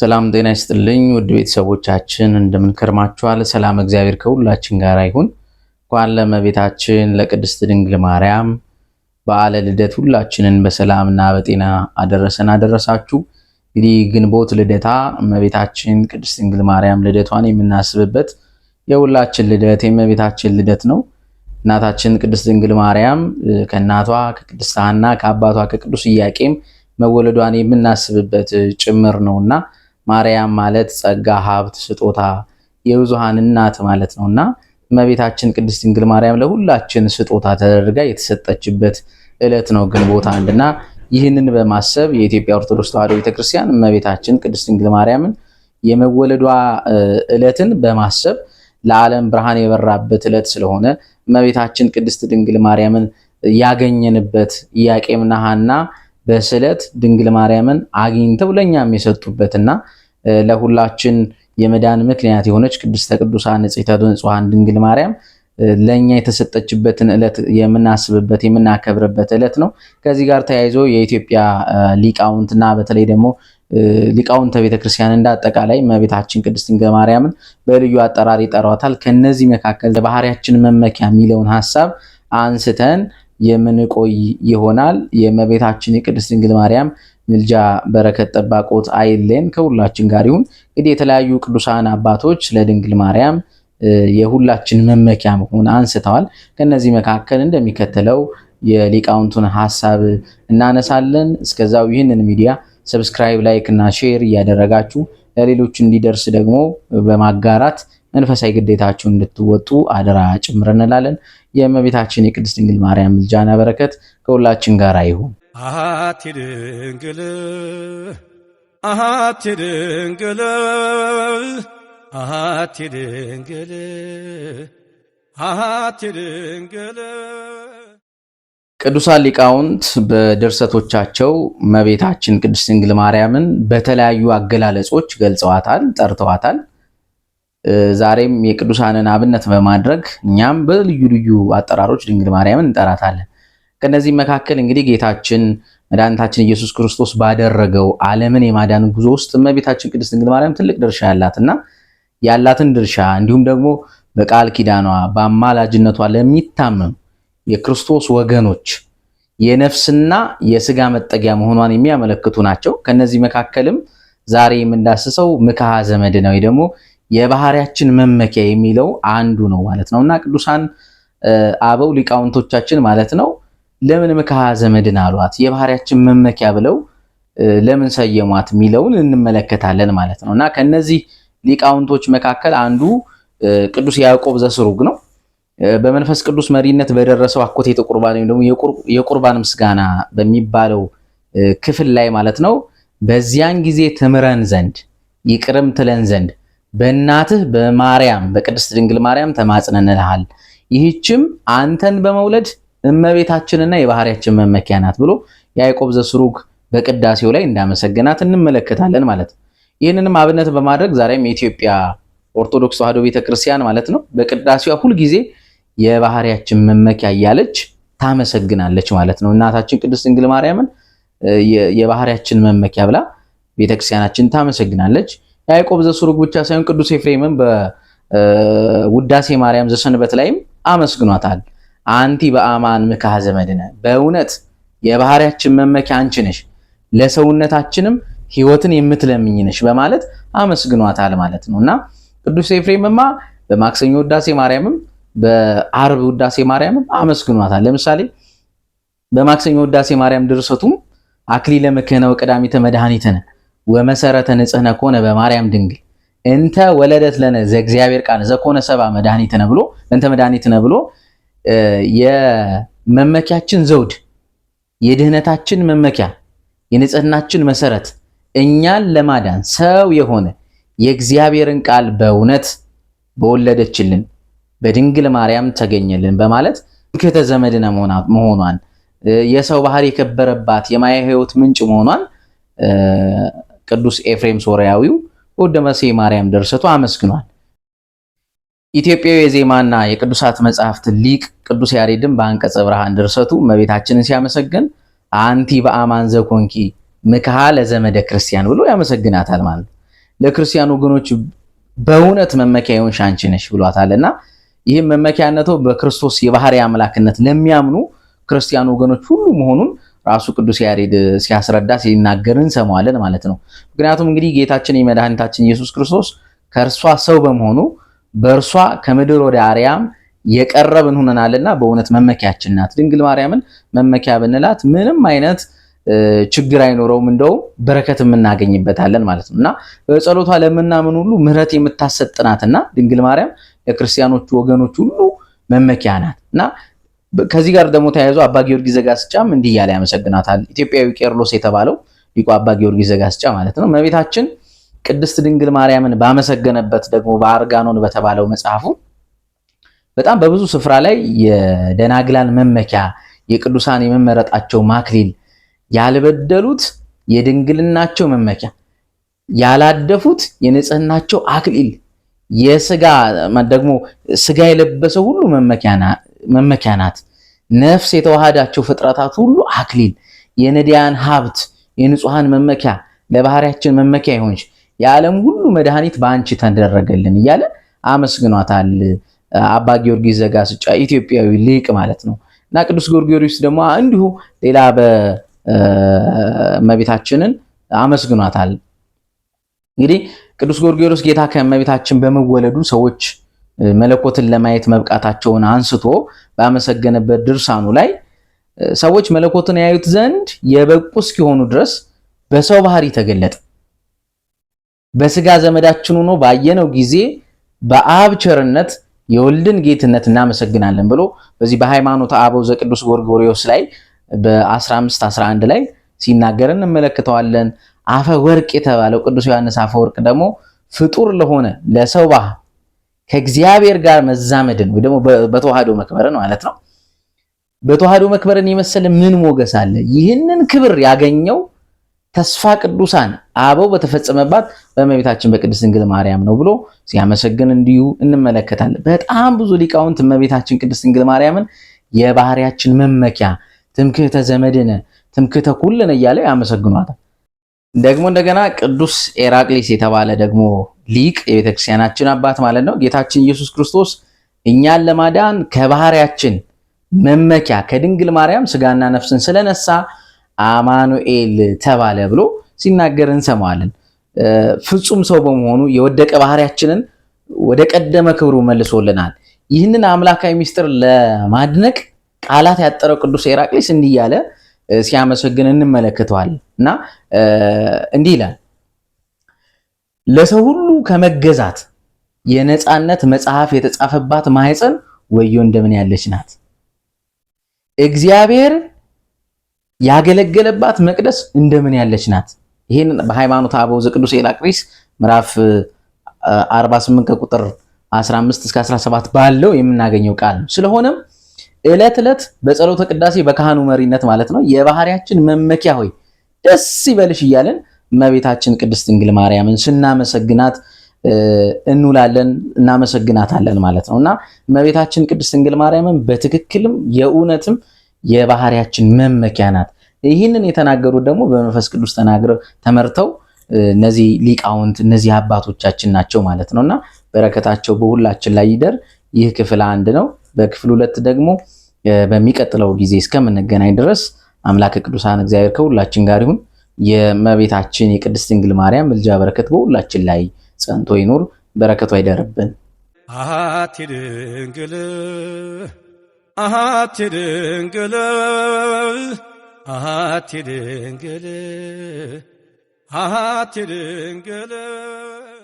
ሰላም ጤና ይስጥልኝ ውድ ቤተሰቦቻችን እንደምንከርማችኋል። ሰላም እግዚአብሔር ከሁላችን ጋር ይሁን። እንኳን ለእመቤታችን ለቅድስት ድንግል ማርያም በዓለ ልደት ሁላችንን በሰላምና በጤና አደረሰን አደረሳችሁ። እንግዲህ ግንቦት ልደታ እመቤታችን ቅድስት ድንግል ማርያም ልደቷን የምናስብበት የሁላችን ልደት የእመቤታችን ልደት ነው። እናታችን ቅድስት ድንግል ማርያም ከእናቷ ከቅድስት ሐና ከአባቷ ከቅዱስ ኢያቄም መወለዷን የምናስብበት ጭምር ነውና ማርያም ማለት ጸጋ፣ ሀብት፣ ስጦታ የብዙሃን እናት ማለት ነውና እመቤታችን ቅድስት ድንግል ማርያም ለሁላችን ስጦታ ተደርጋ የተሰጠችበት ዕለት ነው ግንቦት አንድና ይህንን በማሰብ የኢትዮጵያ ኦርቶዶክስ ተዋሕዶ ቤተክርስቲያን እመቤታችን ቅድስት ድንግል ማርያምን የመወለዷ ዕለትን በማሰብ ለዓለም ብርሃን የበራበት ዕለት ስለሆነ እመቤታችን ቅድስት ድንግል ማርያምን ያገኘንበት ኢያቄምና ሐና በስዕለት ድንግል ማርያምን አግኝተው ለእኛም የሰጡበትና ለሁላችን የመዳን ምክንያት የሆነች ቅድስተ ቅዱሳን ንጽሕተ ንጹሐን ድንግል ማርያም ለእኛ የተሰጠችበትን ዕለት የምናስብበት የምናከብርበት ዕለት ነው። ከዚህ ጋር ተያይዞ የኢትዮጵያ ሊቃውንትና በተለይ ደግሞ ሊቃውንተ ቤተክርስቲያን እንደ አጠቃላይ እመቤታችን ቅድስት ድንግል ማርያምን በልዩ አጠራር ይጠሯታል። ከነዚህ መካከል ባህሪያችን መመኪያ የሚለውን ሀሳብ አንስተን የምንቆይ ይሆናል። የእመቤታችን የቅድስት ድንግል ማርያም ምልጃ በረከት ጠባቆት አይለን ከሁላችን ጋር ይሁን። እንግዲህ የተለያዩ ቅዱሳን አባቶች ለድንግል ማርያም የሁላችን መመኪያ መሆን አንስተዋል። ከነዚህ መካከል እንደሚከተለው የሊቃውንቱን ሀሳብ እናነሳለን። እስከዛው ይህንን ሚዲያ ሰብስክራይብ፣ ላይክ እና ሼር እያደረጋችሁ ለሌሎች እንዲደርስ ደግሞ በማጋራት መንፈሳዊ ግዴታችሁን እንድትወጡ አደራ ጭምር እንላለን። የእመቤታችን የቅድስት ድንግል ማርያም ምልጃና በረከት ከሁላችን ጋር ይሁን። አሃቲ ድንግል አሃቲ ድንግል አሃቲ ድንግል አሃቲ ድንግል ቅዱሳን ሊቃውንት በድርሰቶቻቸው እመቤታችን ቅድስት ድንግል ማርያምን በተለያዩ አገላለጾች ገልጸዋታል፣ ጠርተዋታል። ዛሬም የቅዱሳንን አብነት በማድረግ እኛም በልዩ ልዩ አጠራሮች ድንግል ማርያምን እንጠራታለን። ከእነዚህም መካከል እንግዲህ ጌታችን መድኃኒታችን ኢየሱስ ክርስቶስ ባደረገው ዓለምን የማዳን ጉዞ ውስጥ እመቤታችን ቅድስት ድንግል ማርያም ትልቅ ድርሻ ያላትና ያላትን ድርሻ እንዲሁም ደግሞ በቃል ኪዳኗ በአማላጅነቷ ለሚታመም የክርስቶስ ወገኖች የነፍስና የስጋ መጠጊያ መሆኗን የሚያመለክቱ ናቸው። ከነዚህ መካከልም ዛሬ የምንዳስሰው ነው ወይ ደግሞ የባህሪያችን መመኪያ የሚለው አንዱ ነው ማለት ነው እና ቅዱሳን አበው ሊቃውንቶቻችን ማለት ነው ለምን ምክሐ ዘመድን አሏት? የባህሪያችን መመኪያ ብለው ለምን ሰየሟት የሚለውን እንመለከታለን ማለት ነው እና ከነዚህ ሊቃውንቶች መካከል አንዱ ቅዱስ ያዕቆብ ዘስሩግ ነው። በመንፈስ ቅዱስ መሪነት በደረሰው አኮቴተ ቁርባን ወይም ደግሞ የቁርባን ምስጋና በሚባለው ክፍል ላይ ማለት ነው በዚያን ጊዜ ትምረን ዘንድ ይቅርም ትለን ዘንድ በእናትህ በማርያም በቅድስት ድንግል ማርያም ተማጽነንልሃል፣ ይህችም አንተን በመውለድ እመቤታችንና የባህሪያችን መመኪያ ናት ብሎ ያዕቆብ ዘስሩግ በቅዳሴው ላይ እንዳመሰገናት እንመለከታለን ማለት ነው። ይህንንም አብነት በማድረግ ዛሬም የኢትዮጵያ ኦርቶዶክስ ተዋሕዶ ቤተክርስቲያን ማለት ነው በቅዳሴዋ ሁልጊዜ የባህሪያችን መመኪያ እያለች ታመሰግናለች ማለት ነው። እናታችን ቅድስት ድንግል ማርያምን የባህሪያችን መመኪያ ብላ ቤተክርስቲያናችን ታመሰግናለች። ያዕቆብ ዘሱሩግ ብቻ ሳይሆን ቅዱስ ኤፍሬምን በውዳሴ ማርያም ዘሰንበት ላይም አመስግኗታል። አንቲ በአማን ምክሐ ዘመድነ፣ በእውነት የባህሪያችን መመኪያ አንቺ ነሽ፣ ለሰውነታችንም ህይወትን የምትለምኝ ነሽ በማለት አመስግኗታል ማለት ነው እና ቅዱስ ኤፍሬምማ በማክሰኞ ውዳሴ ማርያምም በአርብ ውዳሴ ማርያምም አመስግኗታል። ለምሳሌ በማክሰኞ ውዳሴ ማርያም ድርሰቱም አክሊለ መክህነ ወቀዳሚተ መድኃኒትነ ወመሰረተ ንጽህነ ኮነ በማርያም ድንግል እንተ ወለደት ለነ ዘእግዚአብሔር ቃል ዘኮነ ሰባ መድኃኒትነ ነብሎ እንተ መድኃኒትነ ነብሎ የመመኪያችን ዘውድ የድህነታችን መመኪያ የንጽህናችን መሰረት እኛን ለማዳን ሰው የሆነ የእግዚአብሔርን ቃል በእውነት በወለደችልን በድንግል ማርያም ተገኘልን በማለት ክህተ ዘመድነ መሆኗን የሰው ባህር የከበረባት የማየ ህይወት ምንጭ መሆኗን ቅዱስ ኤፍሬም ሶሪያዊው በወደመ ማርያም ደርሰቱ አመስግኗል። ኢትዮጵያዊ የዜማና የቅዱሳት መጽሐፍት ሊቅ ቅዱስ ያሬድን በአንቀጸ ብርሃን ድርሰቱ እመቤታችንን ሲያመሰግን አንቲ በአማን ዘኮንኪ ምክሃ ለዘመደ ክርስቲያን ብሎ ያመሰግናታል። ማለት ለክርስቲያን ወገኖች በእውነት መመኪያ የሆንሽ አንቺ ነሽ ብሏታል እና ይህም መመኪያነቱ በክርስቶስ የባህሪ አምላክነት ለሚያምኑ ክርስቲያን ወገኖች ሁሉ መሆኑን ራሱ ቅዱስ ያሬድ ሲያስረዳ ሲናገር እንሰማዋለን ማለት ነው። ምክንያቱም እንግዲህ ጌታችን የመድኃኒታችን ኢየሱስ ክርስቶስ ከእርሷ ሰው በመሆኑ በእርሷ ከምድር ወደ አርያም የቀረብን ሆነናልና በእውነት መመኪያችን ናት። ድንግል ማርያምን መመኪያ ብንላት ምንም አይነት ችግር አይኖረውም። እንደውም በረከት የምናገኝበታለን ማለት ነው እና በጸሎቷ ለምናምን ሁሉ ምሕረት የምታሰጥ ናትና ድንግል ማርያም ለክርስቲያኖቹ ወገኖች ሁሉ መመኪያ ናት እና ከዚህ ጋር ደግሞ ተያይዞ አባ ጊዮርጊስ ዘጋስጫም እንዲህ እያለ ያመሰግናታል። ኢትዮጵያዊ ቄርሎስ የተባለው ሊቁ አባ ጊዮርጊስ ዘጋስጫ ማለት ነው። እመቤታችን ቅድስት ድንግል ማርያምን ባመሰገነበት ደግሞ በአርጋኖን በተባለው መጽሐፉ በጣም በብዙ ስፍራ ላይ የደናግላን መመኪያ የቅዱሳን የመመረጣቸው ማክሊል ያልበደሉት የድንግልናቸው መመኪያ ያላደፉት የንጽህናቸው አክሊል የስጋ ደግሞ ስጋ የለበሰው ሁሉ መመኪያ መመኪያ ናት። ነፍስ የተዋሃዳቸው ፍጥረታት ሁሉ አክሊል፣ የነዳያን ሀብት፣ የንጹሐን መመኪያ፣ ለባህሪያችን መመኪያ ይሆንች የዓለም ሁሉ መድኃኒት በአንቺ ተደረገልን እያለ አመስግኗታል። አባ ጊዮርጊስ ዘጋስጫ ኢትዮጵያዊ ሊቅ ማለት ነው እና ቅዱስ ጊዮርጊስ ደግሞ እንዲሁ ሌላ በመቤታችንን አመስግኗታል። እንግዲህ ቅዱስ ጊዮርጊስ ጌታ ከመቤታችን በመወለዱ ሰዎች መለኮትን ለማየት መብቃታቸውን አንስቶ ባመሰገነበት ድርሳኑ ላይ ሰዎች መለኮትን ያዩት ዘንድ የበቁ እስኪሆኑ ድረስ በሰው ባህሪ ተገለጠ። በስጋ ዘመዳችን ሆኖ ባየነው ጊዜ በአብ ቸርነት የወልድን ጌትነት እናመሰግናለን ብሎ በዚህ በሃይማኖተ አበው ዘቅዱስ ጎርጎሪዎስ ላይ በ1511 ላይ ሲናገር እንመለከተዋለን። አፈ ወርቅ የተባለው ቅዱስ ዮሐንስ አፈ ወርቅ ደግሞ ፍጡር ለሆነ ለሰው ባህር ከእግዚአብሔር ጋር መዛመድን ወይ ደግሞ በተዋህዶ መክበርን ማለት ነው። በተዋህዶ መክበርን የመሰለ ምን ሞገስ አለ? ይህንን ክብር ያገኘው ተስፋ ቅዱሳን አበው በተፈጸመባት በእመቤታችን በቅድስት ድንግል ማርያም ነው ብሎ ሲያመሰግን እንዲሁ እንመለከታለን። በጣም ብዙ ሊቃውንት እመቤታችን ቅድስት ድንግል ማርያምን የባህሪያችን መመኪያ፣ ትምክህተ ዘመድነ፣ ትምክህተ ኩልነ እያለ ያመሰግኗታል። ደግሞ እንደገና ቅዱስ ኤራቅሊስ የተባለ ደግሞ ሊቅ የቤተክርስቲያናችን አባት ማለት ነው። ጌታችን ኢየሱስ ክርስቶስ እኛን ለማዳን ከባህሪያችን መመኪያ ከድንግል ማርያም ስጋና ነፍስን ስለነሳ አማኑኤል ተባለ ብሎ ሲናገር እንሰማዋለን። ፍጹም ሰው በመሆኑ የወደቀ ባህሪያችንን ወደ ቀደመ ክብሩ መልሶልናል። ይህንን አምላካዊ ምስጢር ለማድነቅ ቃላት ያጠረው ቅዱስ ኤራቅሊስ እንዲህ እያለ ሲያመሰግን እንመለከተዋል እና እንዲህ ይላል ለሰው ሁሉ ከመገዛት የነፃነት መጽሐፍ የተጻፈባት ማህፀን ወዮ እንደምን ያለች ናት! እግዚአብሔር ያገለገለባት መቅደስ እንደምን ያለች ናት! ይህን በሃይማኖት አበው ዘቅዱስ ኤላቅሪስ ምዕራፍ 48 ከቁጥር 15 እስከ 17 ባለው የምናገኘው ቃል ነው። ስለሆነም ዕለት ዕለት በጸሎተ ቅዳሴ በካህኑ መሪነት ማለት ነው የባህሪያችን መመኪያ ሆይ ደስ ይበልሽ እያለን እመቤታችን ቅድስት ድንግል ማርያምን ስናመሰግናት እንውላለን እናመሰግናታለን ማለት ነው እና እመቤታችን ቅድስት ድንግል ማርያምን በትክክልም የእውነትም የባህሪያችን መመኪያ ናት። ይህንን የተናገሩት ደግሞ በመንፈስ ቅዱስ ተናግረው ተመርተው እነዚህ ሊቃውንት እነዚህ አባቶቻችን ናቸው ማለት ነው እና በረከታቸው በሁላችን ላይ ይደር። ይህ ክፍል አንድ ነው። በክፍል ሁለት ደግሞ በሚቀጥለው ጊዜ እስከምንገናኝ ድረስ አምላክ ቅዱሳን እግዚአብሔር ከሁላችን ጋር ይሁን። የእመቤታችን የቅድስት ድንግል ማርያም ምልጃ በረከት በሁላችን ላይ ጸንቶ ይኑር። በረከቱ አይደርብን። ድንግል ድንግል ድንግል ድንግል